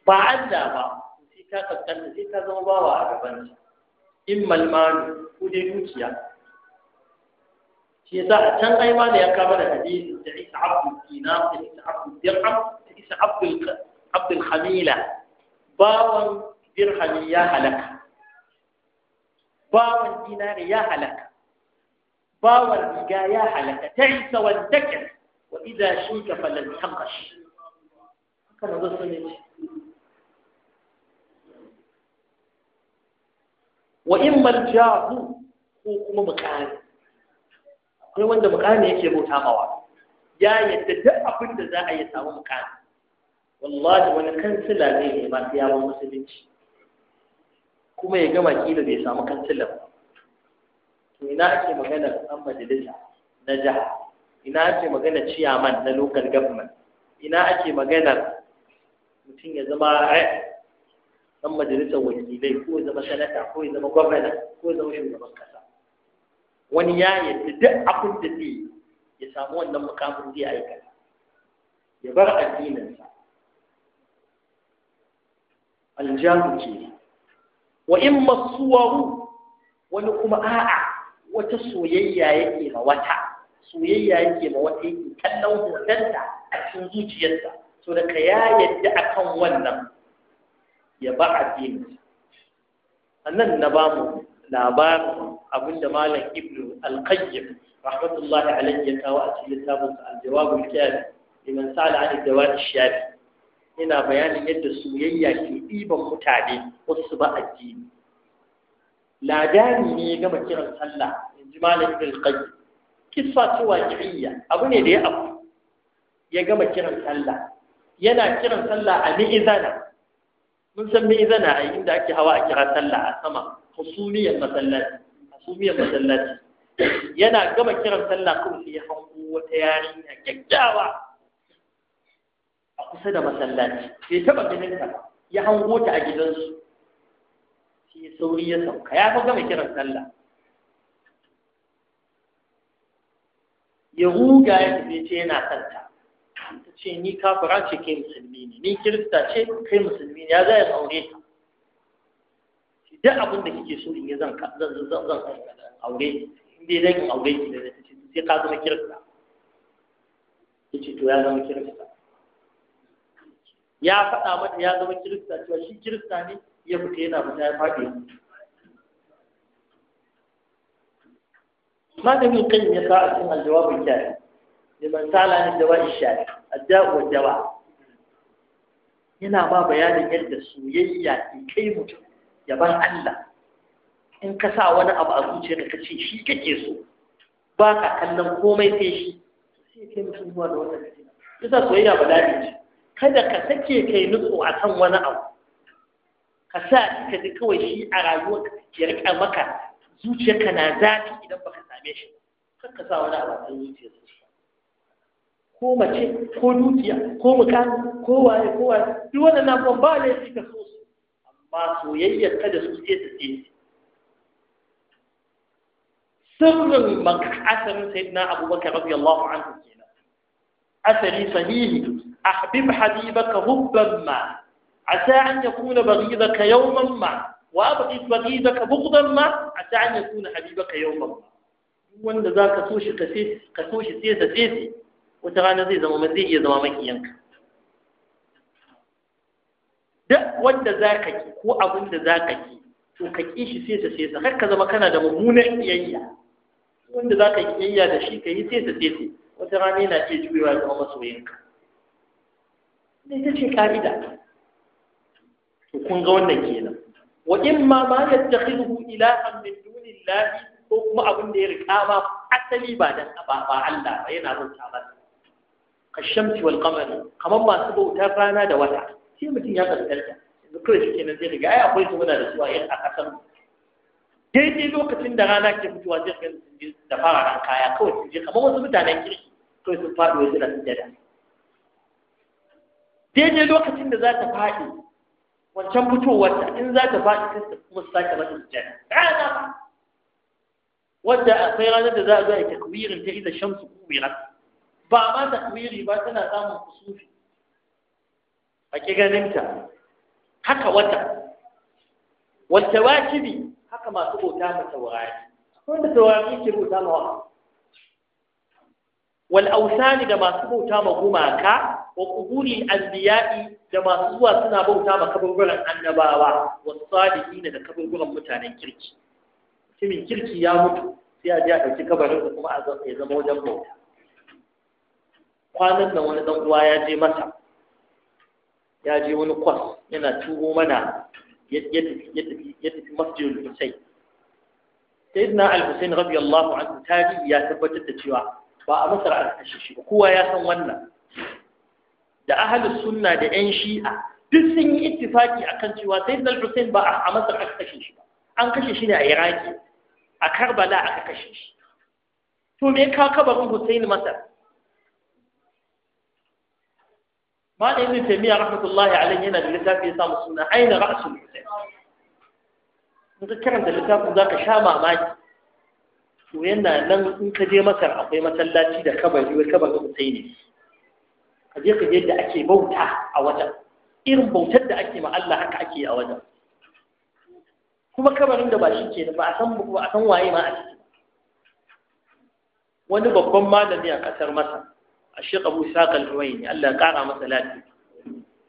ba Allah ba ta kaskanta sai ta zama bawa a gaban shi in malmanu ko dai dukiya shi yasa a can ai ma da ya kama da hadisi da isa abdul dinar da isa abdul dirham da isa abdul abdul khamila bawan dirhami ya halaka bawan dinari ya halaka bawan riga ya halaka ta isa wanda wa idza shuka falan tanqash haka ne wasu ne wa in maljahu ko kuma mukani akwai wanda mukani yake bauta mawa ya yadda duk abin da za a yi samu mukani wallahi wani kansila ne ne ba sai yawon musulunci kuma ya gama kila bai samu kansila ba to ina ake magana an majalisa na jiha ina ake magana ciyaman na local government ina ake magana mutum ya zama dan majalisar wakilai ko zama sanata ko zama gwamna ko zama shugaban kasa wani ya yadda duk abin da zai ya samu wannan mukamin zai aikata ya bar addininsa aljahu ke wa in masuwaru wani kuma a'a wata soyayya yake ma wata soyayya yake ma wata yake kallon hotonta a cikin zuciyarsa so da ka ya yadda akan wannan ya ba addini nan na ba mu labarin abinda malam ibnu al-qayyim rahmatullahi alayhi ya kawo a cikin littafin al-jawabul kafi liman sa'ala an dawat shafi ina bayanin yadda soyayya ke ɗiban mutane wasu ba addini ladani ne ya gama kiran sallah in ji malam ibn al-qayyim kissa ce waqi'iyya abu ne da ya abu ya gama kiran sallah yana kiran sallah a ni'izana mun san me zana ai inda ake hawa a kira sallah a sama hasumiyar masallaci hasumiyar masallaci yana gama kiran sallah kawai sai ya hango wata yarinya kyakkyawa a kusa da masallaci sai taba ganin ta ya hango ta a gidansu sai sauri ya sauka ya fa gama kiran sallah ya ruga ya tafi ce yana santa ce ni kafira ce kai musulmi ne ni kirista ce kai musulmi ne ya za ya aure ta duk abin da kike so in yi zan zan zan aure in dai zan aure ki da ta ce sai ka zama kirista ya ce to ya zama kirista ya faɗa mata ya zama kirista cewa shi kirista ne ya fita yana fita ya faɗi malamin kan ya sa a cikin aljawabin kyari liman sala ne da wani shari adda'u wajaba yana ba bayanin yadda soyayya ke kai mutum yaban Allah in ka sa wani abu a zuciyar ka ce shi kake so ba ka kallon komai sai shi sai kai mutum zuwa da wannan fitina yasa soyayya ba da ce kada ka sake kai nutso a kan wani abu ka sa ka ji kawai shi a rayuwarka ya rika maka zuciyarka na zafi idan baka same shi kar ka sa wani abu a kan zuciyarka ko mace ko dukiya ko mukami ko waye ko waye duk wannan abubuwan ba laifi ka so su amma soyayyar ka da su sai ta ce sirrin makasarin sayyidina abubakar radiyallahu anhu kenan asali sahihi ahbib habibaka hubban ma عسى أن يكون بغيضك يوما ما وأبغض بغيضك بغضا ما عسى أن يكون حبيبك يوما ما وأن ذاك سوشي كسيسي كسوشي سيسي سيسي wata rana zai zama zai iya zama makiyanka duk wanda za ka ki ko abin da za ka ki to ka ki shi sai ta sai ta har ka zama kana da mummunan iyayya wanda za ka yi iyayya da shi ka yi sai ta sai ta wata rana yana ce juyewa ya zama masoyinka ne ta ce ka'ida to kun ga wannan kenan wa in ma ma yattakhidhu ilahan min dunillahi ko kuma abin da ya rika ma asali ba dan ba Allah ba yana bauta ba kashamci wal kamar kamar masu bautar rana da wata sai mutum ya kaskarta da kawai shi kenan zai riga ai akwai su muna da su a a kasar daidai lokacin da rana ke fitowa zai ga su je da fara ran kaya kawai su je kamar wasu mutanen kirki kawai sun faɗi wasu da sujada daidai lokacin da za ta faɗi wancan fitowarta in za ta faɗi sai ta kuma sake mata sujada rana wadda akwai ranar da za a zo a takwirin ta iza shamsu kuwirat ba ma takwiri ba tana samun kusufi a ki ganinta haka wata wata wajibi haka masu bauta ma taurari wanda taurari ke bauta ma wa wal ne da masu bauta ma gumaka wa kuburi anbiya'i da masu zuwa suna bauta ma kaburburan annabawa wasu wa salihin da kaburburan mutanen kirki mutumin kirki ya mutu sai a je a ɗauki kabarin kuma a zama wajen bauta kwanan nan wani dan uwa ya je masa ya je wani kwas yana tuho mana ya tafi masjidul husayn sayyidina al-husayn radiyallahu an tarihi ya tabbatar da cewa ba a masar a kashe shi ba kowa ya san wannan da ahlus sunna da yan shi'a duk sun yi ittifaki akan cewa sayyidina al-husayn ba a masar a kashe shi ba an kashe shi ne a iraki a karbala aka kashe shi to me ka kabarin husayn masar ما ابن تيمية رحمة الله عليه هنا للتافي يسام السنة littafin za ka sha mamaki? ذاك شامع معي وينا نن إن كجي مصر أقوي مسلاتي ده كبر والكبر الحسيني kaje ka je da ake bauta a wajen irin bautar da ake ma Allah haka ake a wajen kuma kabarin da ba shi ke ba a san ba a san waye ma a ciki wani babban malami a kasar Masar الشيخ أبو إسحاق الحويني الله قارع مثلا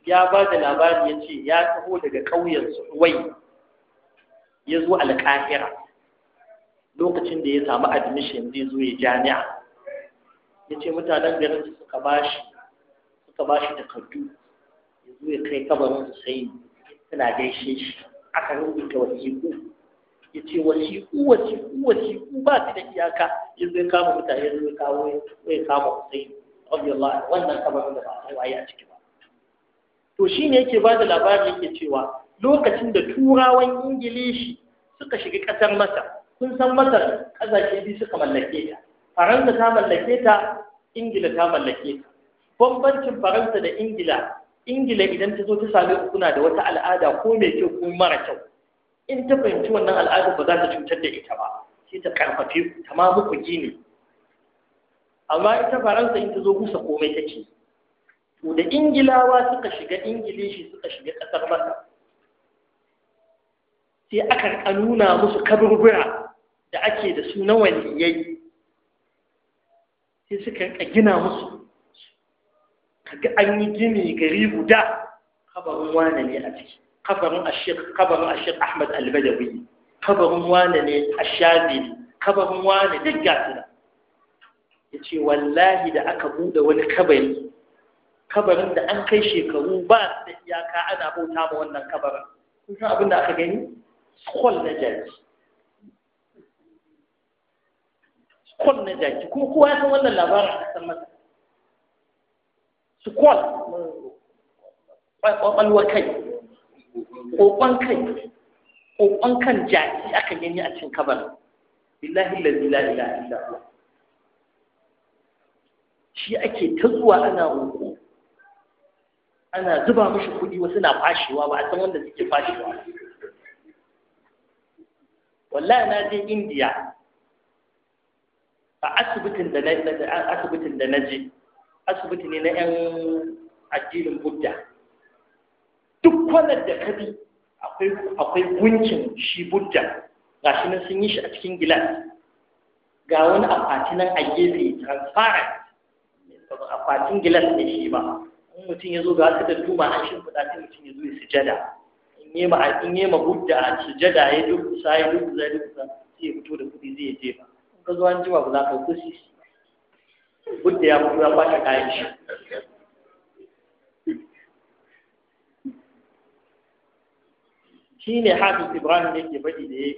يا بعد الأبان ya يا تهو لك قوي Ya zo الكاهرة lokacin da ya samu admission zai zo ya jami'a ya ce mutanen garin su suka bashi suka bashi takardu ya zo ya kai kabarin su sai suna gaishe shi aka rubuta wasiƙu ya ce wasiƙu wasiƙu wasiƙu ba su da iyaka ya zo ya kama mutane ya zo ya kawo ya kama Hussein radiyallahu anhu wannan kabarin da ba a sai a ciki ba to shine yake ba da labari yake cewa lokacin da turawan ingilishi suka shiga ƙasar masar kun san masar ƙasashe biyu suka mallake ta faransa ta mallake ta ingila ta mallake ta bambancin faransa da ingila ingila idan ta zo ta sami kuna da wata al'ada ko mai kyau ko mara kyau in ta fahimci wannan al'ada ba za ta cutar da ita ba sai ta karfafe ku ta ma muku gini amma ita faransa in ta zo kusa komai take to da ingilawa suka shiga ingilishi suka shiga ƙasar masa sai aka kanuna musu kaburbura da ake da su na waliyai sai suka gina musu kaga an yi gini gari guda kabarin wane ne a ciki kabarin ashir kabarin ashir ahmad albadawi kabarin wane ne ashabili kabarin wane duk gasu ya ce wallahi da aka buɗe wani kabari kabarin da an kai shekaru ba da iyaka ana bauta ma wannan kabarin kusan san abin da aka gani skol na jaki skol na jaki kuma kowa ya san wannan labarin a san masa skol ƙwaƙwalwa kai ƙoƙon kai ƙoƙon kan jaki aka gani a cin kabarin billahi lalila ilaha illa shi ake ta zuwa ana roƙo ana zuba mashi kuɗi wasu na fashewa ba a san wanda suke fashewa wallahi na je indiya a asibitin da na asibitin da na je asibiti ne na yan addinin budda duk kwanar da kabi akwai akwai gunkin shi budda shi nan sun yi shi a cikin gilas ga wani akwati nan a gefe transparent akwatin gilas ne shi ba in mutum ya zo ga haka da duma an fuda sai mutum ya zo ya sujada in yi ma in yi ma budda a sujada ya duk sa ya durkusa duk durkusa sai ya fito da kuɗi zai je ba in ka zo an jima ba za ka kusi budda ya fito ya kwace kayan shi shine hafiz ibrahim yake baɗi da ya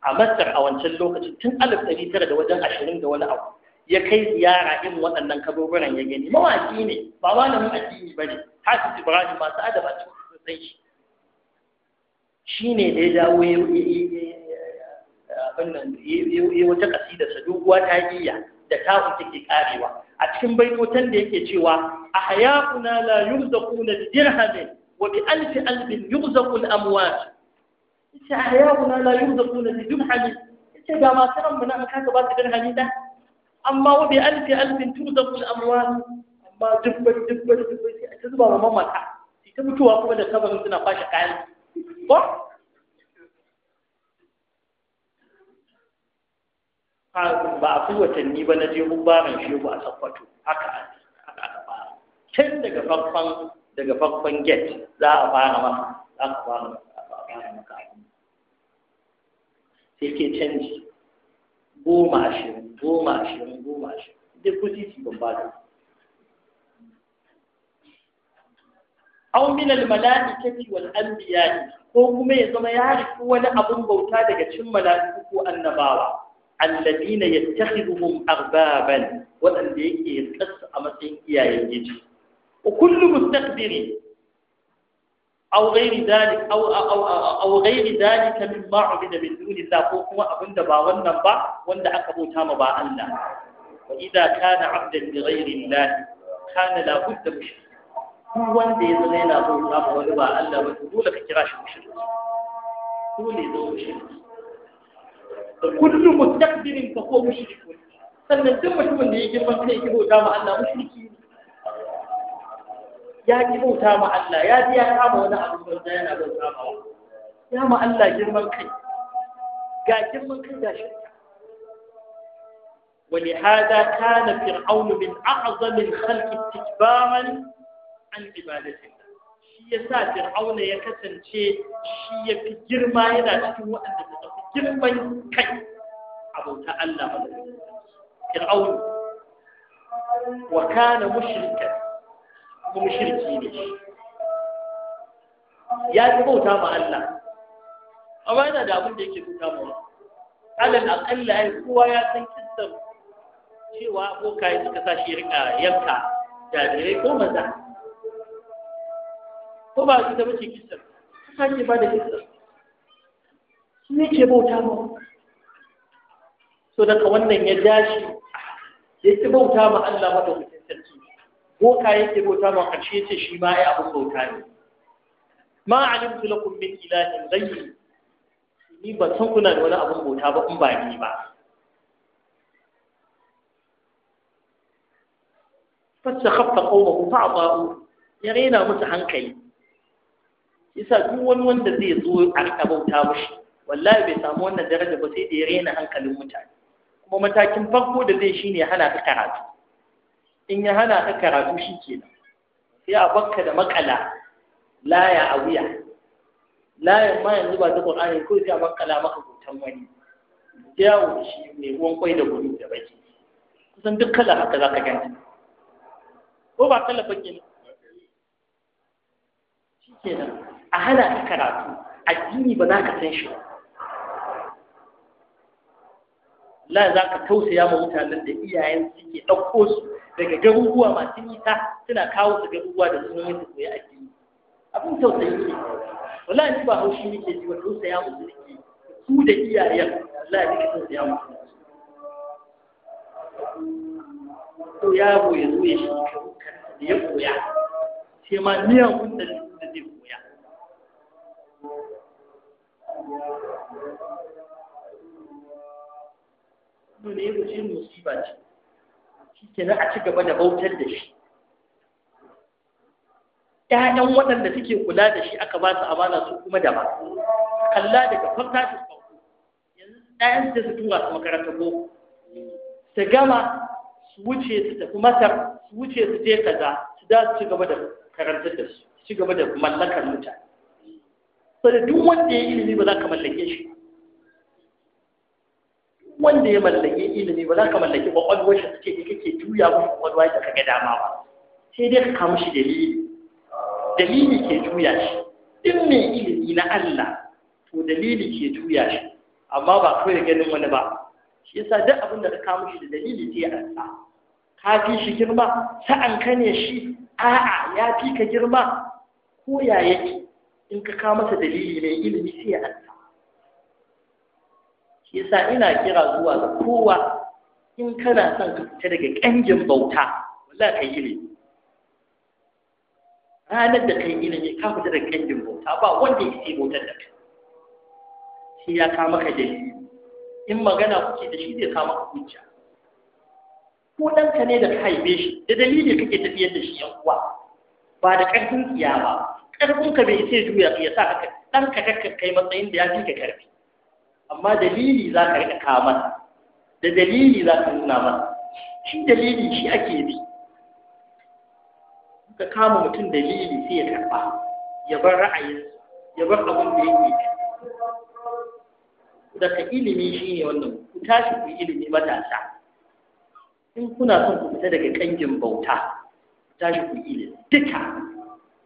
a masar a wancan lokacin tun alif ɗari tara da wajen ashirin da wani abu ya kai ziyara irin waɗannan kaburburan ya gani mawaki ne ba malamin addini ba ne hafiz ibrahim masu adaba cikin sosai shi shi ne da ya dawo ya abin nan ya wata kasida sa doguwa ta iya da ta'un take karewa a cikin baitotan da yake cewa a hayakuna la yurzaquna bi dirhamin wa bi alfi alfin yurzaqu al amwat ita hayakuna la yurzaquna bi dirhamin ita ga masu ran mu na an kasa ba su dirhamin da amma wabi alfi alfin tuzaqul amwal amma dubbar dubbar dubbar sai a zuba ma mamata sai ta mutuwa kuma da kabarin suna kwashe kayan ko ba a fi watanni ba na je barin ba a sakwato haka aka fara can daga farkon daga farkon gate za a fara ma. za ka fara maka sai ke canji goma ashirin goma ashirin goma ashirin duk kusi ban ba da aw min al malaikati wal anbiya ko kuma ya zama ya rufe wani abun bauta daga cin mala'iku ko annabawa alladina yattakhiduhum arbaban wadanda yake tsatsa a matsayin iyayen gidi wa kullu mustaqbiri aw ghairi dalik aw aw ghairi dalik min ko kuma abinda ba wannan ba wanda aka bauta ma ba Allah wa idza kana 'abdan li ghairi kana la budda mushrik duk wanda ya zama yana bauta ma wani ba Allah ba dole ka kira shi mushrik dole ya zama mushrik sannan duk mutumin da ya girman kai ya bauta ma Allah يجب تام الله يا دي يا ابو ده ابو زين يا ما الله جرمك كي جا جرمك كي ده ولهذا كان فرعون من اعظم الخلق استكبارا عن عباده الله شي يسا فرعون يكسنشي شي يفي جرما يدا شكو وانا بطف جرما كي ابو تعالى فرعون وكان مشركا kuma shirki ne ya fi bauta ma Allah amma yana da abin da yake bauta ma alal ya yi kowa ya san kisan cewa abokai suka sa shi rika yanka jarirai ko maza ko ba su ta bace kissan ta sake ba da kissan su ne ke bauta ma so daga wannan ya dashi ya ki bauta ma Allah madaukakin sarki ko ka yake bauta ma karshe ce shi ma ya abin bauta ne ma alimtu lakum min ilahin ghayri ni ban san kuna da wani abin bauta ba in ba ni ba fastakhaffa qawmuhu fa'ta'u ya raina musu hankali yasa duk wani wanda zai zo a bauta mushi wallahi bai samu wannan daraja ba sai da ya raina hankalin mutane kuma matakin farko da zai shine hana ta karatu in ya hana ka karatu shi kenan sai a bakka da makala laya a wuya layan ma yanzu ba ta ƙur'ani ko sai a makala maka hoton wani yawo shi mai ruwan kwai da gudu da baki kusan duk kala haka za ka gani ko ba kala baki ne shi kenan a hana ka karatu addini ba za ka san shi ba la za ka tausaya ma mutanen da iyayen suke ɗauko su daga garuruwa masu nisa suna kawo su garuruwa da sunan koya a addini abin tausayi ne wallahi ni ba haushi nake ji ba tausaya mu suke su da iyayen wallahi duka tausaya mu to yaro ya zo ya shi da ya koya sai ma niyan kun to ne yake ce musiba ce shi ke a ci gaba da bautar da shi ƴaƴan waɗanda suke kula da shi aka ba su amana su kuma da ba kalla daga farka su farko yanzu ɗayan su su tura su makaranta ko su gama su wuce su tafi masar su wuce su je kaza su da su ci gaba da karantar da su ci gaba da mallakar mutane saboda duk wanda ya yi ilimi ba za ka mallake shi wanda ya mallaki ilimi ba za ka mallaki kwakwalwar shi kake kake juya mushi kwakwalwa da kaga dama ba sai dai ka kawo shi dalili dalili ke juya shi in mai ilimi na Allah to dalili ke juya shi amma ba kawai ganin wani ba shi yasa duk abin da ka kawo shi da dalili sai ya ka fi shi girma sa'an ka ne shi a'a ya fi ka girma ko ya yake in ka kawo masa dalili mai ilimi sai ya ansa yasa ina kira zuwa ga kowa in kana son ka fita daga ƙangin bauta wallahi kai ilimi ranar da kai ilimi ka fita daga ƙangin bauta ba wanda yake bautar da kai shi ya kama ka dalili in magana kuke da shi zai ka maka hujja ko ka ne da ka haife shi da dalili kake tafiyar da shi yan uwa ba da ƙarfin tsiya ba ka bai sai juya ya sa ka ɗanka ka kai matsayin da ya fi ka karfi amma dalili za ka riƙa kawo da dalili za ka nuna mata, shi dalili shi ake bi ka kama mutum dalili sai ya karɓa ya bar ra'ayin ya bar abin da yake daga ilimi shi ne wannan ku tashi ku ilimi matasa in kuna son ku fita daga kangin bauta ku tashi ku ilimi duka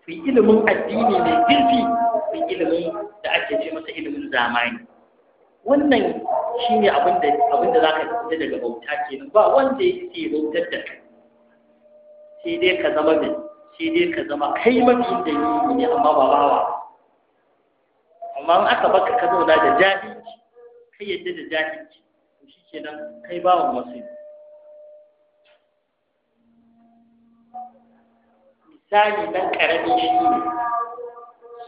ku ilimin addini mai girfi ku ilimin da ake ce masa ilimin zamani wannan shi ne abin da za ka fita daga bauta ke ba wanda ya ke bautar da kai sai dai ka zama mai sai dai ka zama kai mafi da yi ne amma ba bawa amma an aka baka ka zauna da jahilci kai yadda da jahilci to shi ke nan kai bawa wasu misali nan ƙaramin shi ne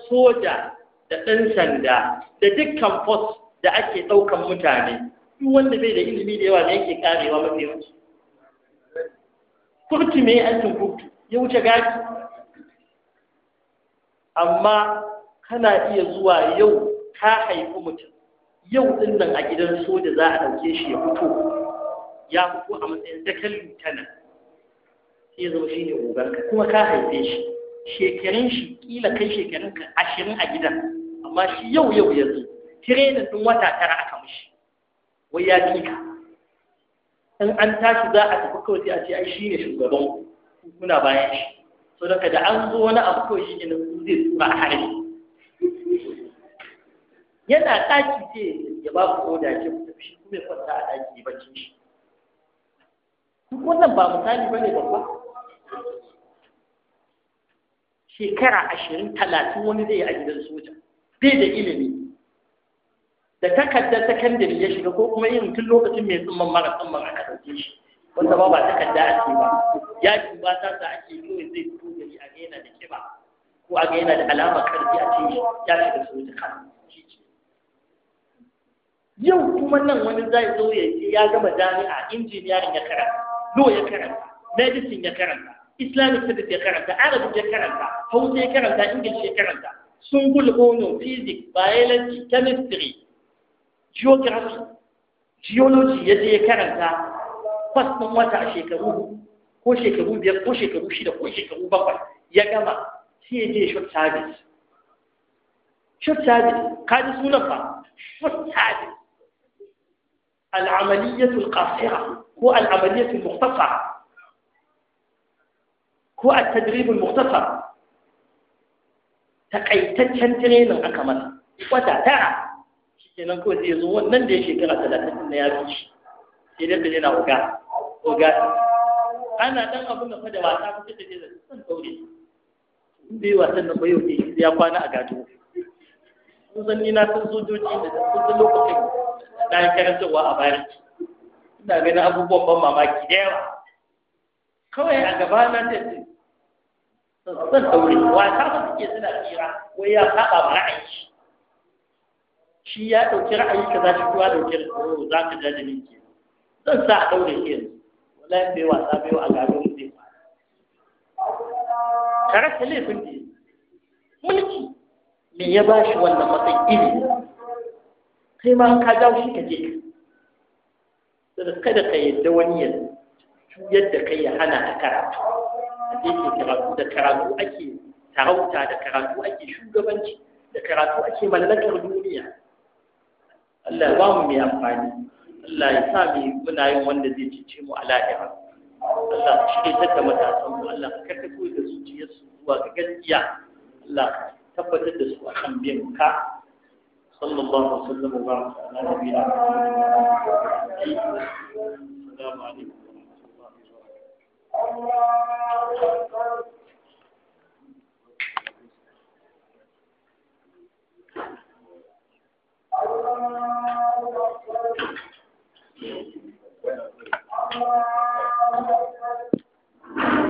soja da ɗan sanda da dukkan post da ake ɗaukan mutane duk wanda bai da ilimi da yawa ne yake karewa mafi yawanci kurti me aikin kurti ya wuce gaji amma kana iya zuwa yau ka haifi mutum yau din nan a gidan soja za a ɗauke shi ya fito ya fito a matsayin dakan lieutenant sai zama shi ne ogarka kuma ka haife shi shekarun shi kila kai shekarun ka ashirin a gidan amma shi yau yau ya tirenin ɗin wata tara aka mishi wai ya ka. in an tashi za a tafi kawai a ce ai shi ne shugaban kuna bayan shi so daga da an zo wani abu kawai shi ne zai tsura a harbi yana ɗaki ce ya ba ku oda ke ku tafi kuma ya kwanta a ɗaki ya bacci shi duk wannan ba misali ba ne babba shekara ashirin talatin wani zai yi a gidan soja bai da ilimi da takarda sakandare ya shiga ko kuma yin tun lokacin mai tsumman mara tsumman aka ɗauke shi wanda ba ba takarda ce ba Ya yaki ba ta sa ake kawai zai fito gari a gaina da kiba ko a gaina da alamar karfi a ce ya shiga soja kan yau kuma nan wani zai zo ya ce ya gama jami'a injiniyarin ya karanta lo ya karanta medicine ya karanta islamic studies ya karanta arabic ya karanta hausa ya karanta english ya karanta sun gulbono physics biology chemistry geography geology ya ya karanta kwas ɗin wata a shekaru ko shekaru biyar ko shekaru shida ko shekaru bakwai ya gama sai ya je short service short service ka ji sunan ba short service al'amaliyatul qasira ko al'amaliyatul mukhtasara ko at-tadribul mukhtasar takaitaccen training aka masa wata tara kenan kawai sai zo wannan da ya shekara talatin na ya fi shi sai dai kaje na oga oga ana dan abin da da wasa ko kace da san daure in bai wasan nan ba yau ne ya kwana a gado mun san ni na san sojoji da sun san lokacin ya yi karantarwa a bayan ina ganin abubuwan ban mamaki da yawa kawai a gaba na ta san daure wasa ba suke suna tsira wai ya saba ba ra'ayi shi ya ɗauki ra'ayi ka za shi kuwa ɗauki ra'ayi oh, za ka ja da minke zan sa a ɗaure ke yanzu wallahi bai wasa bai wa a gado mu zai fara ka rasa laifin ne mulki me ya ba shi wannan matsayin ilimi kai ma ka jawo shi ka je ka kada ka yadda wani ya yadda kai ya hana ka karatu a ke karatu da karatu ake tarauta da karatu ake shugabanci da karatu ake mallakar duniya Allah ya ba mu mai amfani Allah ya sa mu muna yin wanda zai cice mu a lahira Allah ka shirye ta da matasan mu Allah ka karkato da su zuwa ga gaskiya Allah ka tabbatar da su kan biyan ka sallallahu alaihi wasallam wa baraka ala nabiyina Assalamu alaikum wa rahmatullahi Thank you.